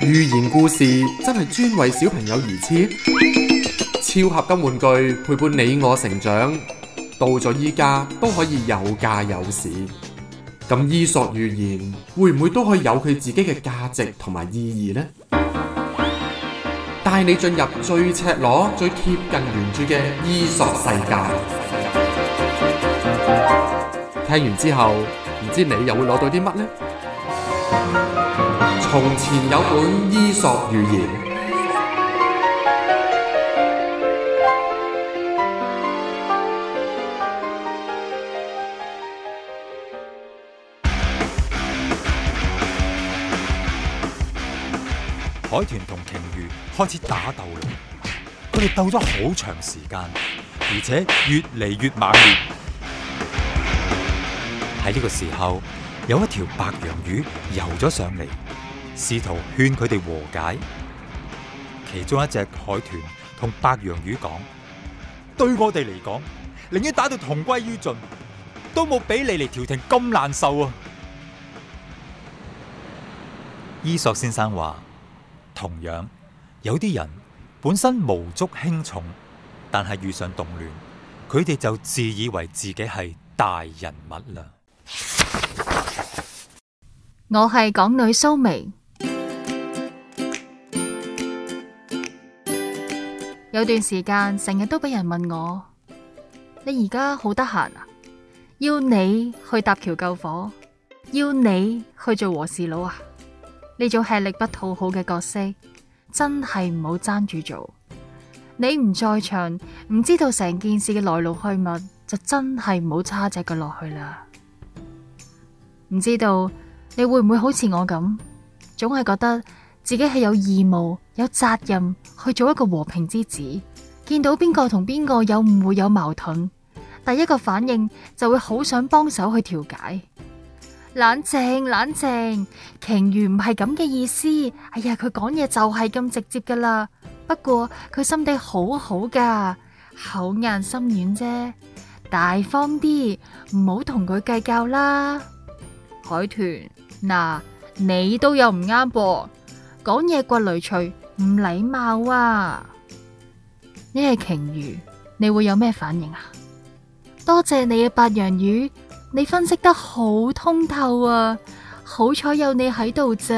寓言故事真係專為小朋友而設，超合金玩具陪伴你我成長，到咗依家都可以有價有市。咁伊索寓言會唔會都可以有佢自己嘅價值同埋意義呢？帶你進入最赤裸、最貼近原著嘅伊索世界。聽完之後，唔知你又會攞到啲乜呢？從前有本伊索寓言，海豚同鯨魚開始打鬥了。佢哋鬥咗好長時間，而且越嚟越猛烈。喺呢個時候，有一條白楊魚游咗上嚟。試圖勸佢哋和解，其中一隻海豚同白楊魚講：對我哋嚟講，寧願打到同歸於盡，都冇俾你嚟調停咁難受啊！伊索先生話：同樣有啲人本身無足輕重，但係遇上動亂，佢哋就自以為自己係大人物啦。我係港女蘇眉。有段時間成日都俾人問我，你而家好得閒啊？要你去搭橋救火，要你去做和事佬啊？呢種吃力不討好嘅角色，真係唔好爭住做。你唔在場，唔知道成件事嘅來龍去脈，就真係唔好差隻腳落去啦。唔知道你會唔會好似我咁，總係覺得自己係有義務，有責任去做一個和平之子，見到邊個同邊個有誤會有矛盾，第一個反應就會好想幫手去調解。冷靜冷靜，鯨魚唔係咁嘅意思。哎呀，佢講嘢就係咁直接噶啦。不過佢心地好好噶，口硬心軟啫，大方啲，唔好同佢計較啦。海豚，嗱，你都有唔啱噃，講嘢骨雷脆。唔禮貌啊！你係鯨魚，你會有咩反應啊？多謝你嘅白楊魚，你分析得好通透啊！好彩有你喺度咋？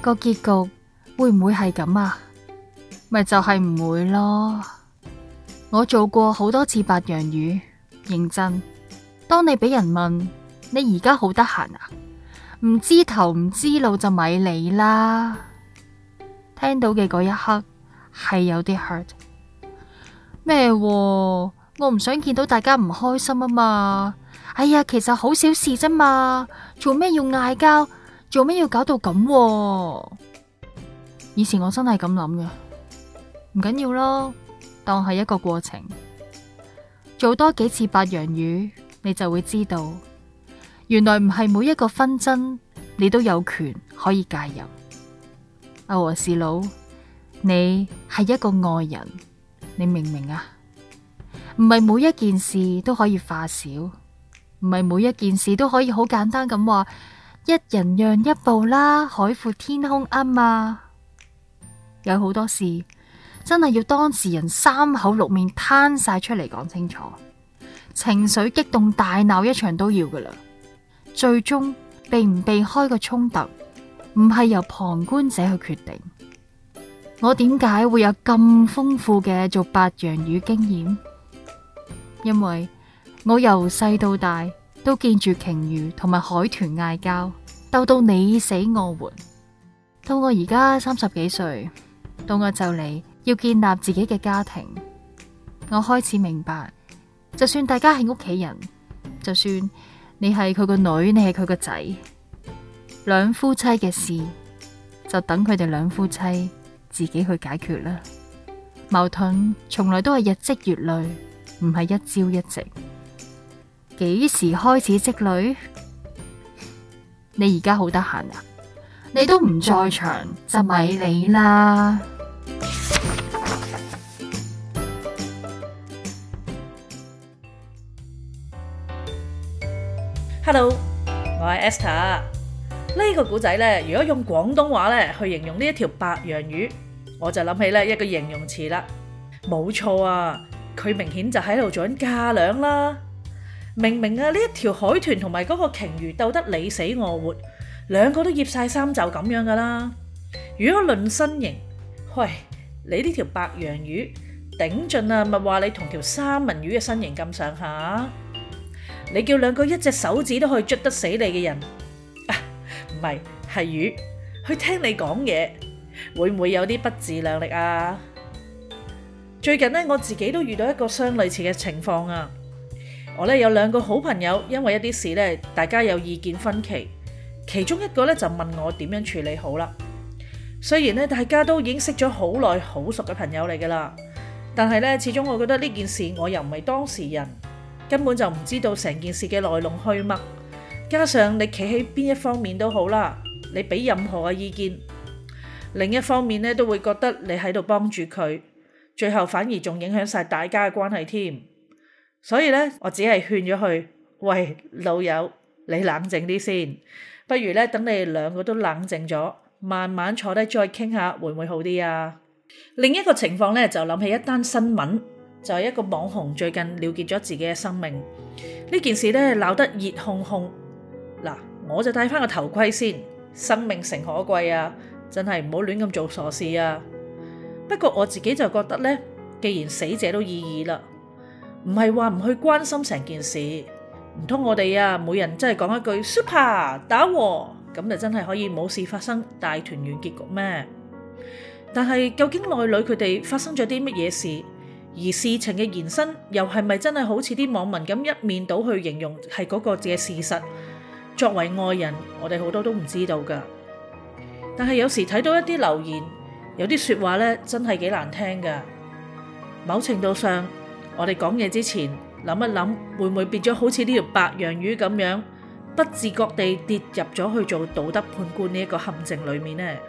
個 結局會唔會係咁啊？咪就係、是、唔會咯！我做過好多次白楊魚，認真。當你俾人問你而家好得閒啊？唔知頭唔知路就咪嚟啦！聽到嘅嗰一刻係有啲 hurt。咩、啊？我唔想見到大家唔開心啊嘛！哎呀，其實好小事啫嘛，做咩要嗌交？做咩要搞到咁、啊？以前我真係咁諗嘅。唔緊要啦，當係一個過程，做多幾次白楊魚，你就會知道。原來唔係每一個紛爭，你都有權可以介入。阿、啊、和事佬，你係一個外人，你明唔明啊？唔係每一件事都可以化小，唔係每一件事都可以好簡單咁話一人讓一步啦，海闊天空啊嘛。有好多事真係要當事人三口六面攤晒出嚟講清楚，情緒激動大鬧一場都要噶啦。最終避唔避開個衝突，唔係由旁觀者去決定。我點解會有咁豐富嘅做白楊魚經驗？因為我由細到大都見住鯨魚同埋海豚嗌交，鬥到你死我活。到我而家三十幾歲，到我就嚟要建立自己嘅家庭，我開始明白，就算大家係屋企人，就算。你係佢個女，你係佢個仔，兩夫妻嘅事就等佢哋兩夫妻自己去解決啦。矛盾從來都係日積月累，唔係一朝一夕。幾時開始積累？你而家好得閒啊？你都唔在場就咪你啦。Hello，我係 Esther。呢個古仔咧，如果用廣東話咧去形容呢一條白楊魚，我就諗起咧一個形容詞啦。冇錯啊，佢明顯就喺度做緊架樑啦。明明啊，呢一條海豚同埋嗰個鯨魚鬥得你死我活，兩個都醃晒衫就咁樣噶啦。如果論身形，喂，你呢條白楊魚頂盡啊，咪話你同條三文魚嘅身形咁上下。你叫兩個一隻手指都可以捉得死你嘅人啊，唔係，係魚去聽你講嘢，會唔會有啲不自量力啊？最近呢，我自己都遇到一個相類似嘅情況啊！我咧有兩個好朋友，因為一啲事呢，大家有意見分歧，其中一個咧就問我點樣處理好啦。雖然咧大家都已經識咗好耐、好熟嘅朋友嚟㗎啦，但係咧，始終我覺得呢件事我又唔係當事人。根本就唔知道成件事嘅來龍去脈，加上你企喺邊一方面都好啦，你俾任何嘅意見，另一方面咧都會覺得你喺度幫住佢，最後反而仲影響晒大家嘅關係添。所以咧，我只係勸咗佢：喂，老友，你冷靜啲先，不如咧等你哋兩個都冷靜咗，慢慢坐低再傾下，會唔會好啲啊？另一個情況咧，就諗起一單新聞。就係一個網紅最近了結咗自己嘅生命，呢件事呢鬧得熱烘烘。嗱，我就戴翻個頭盔先，生命誠可貴啊，真係唔好亂咁做傻事啊。不過我自己就覺得呢，既然死者都已矣啦，唔係話唔去關心成件事。唔通我哋啊，每人真係講一句 super 打和，咁就真係可以冇事發生，大團圓結局咩？但係究竟內裏佢哋發生咗啲乜嘢事？而事情嘅延伸又係咪真係好似啲網民咁一面倒去形容係嗰個嘅事實？作為外人，我哋好多都唔知道噶。但係有時睇到一啲留言，有啲說話咧真係幾難聽噶。某程度上，我哋講嘢之前諗一諗，會唔會變咗好似呢條白楊魚咁樣，不自覺地跌入咗去做道德判官呢一個陷阱裏面呢？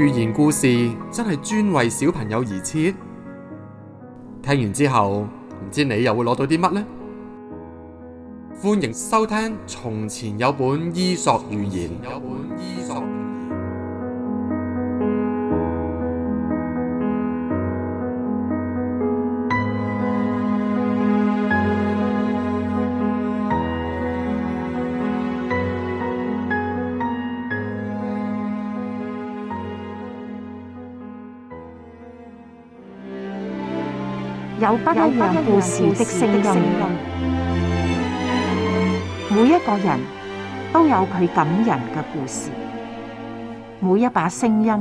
寓言故事真係專為小朋友而設，聽完之後唔知你又會攞到啲乜咧？歡迎收聽《從前有本伊索寓言》有本伊索寓言。有不一樣故事的聲音，每一個人都有佢感人嘅故事，每一把聲音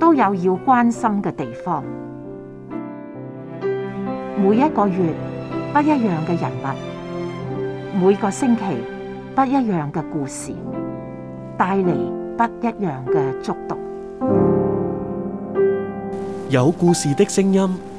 都有要關心嘅地方，每一個月不一樣嘅人物，每個星期不一樣嘅故事，帶嚟不一樣嘅觸動。有故事的聲音。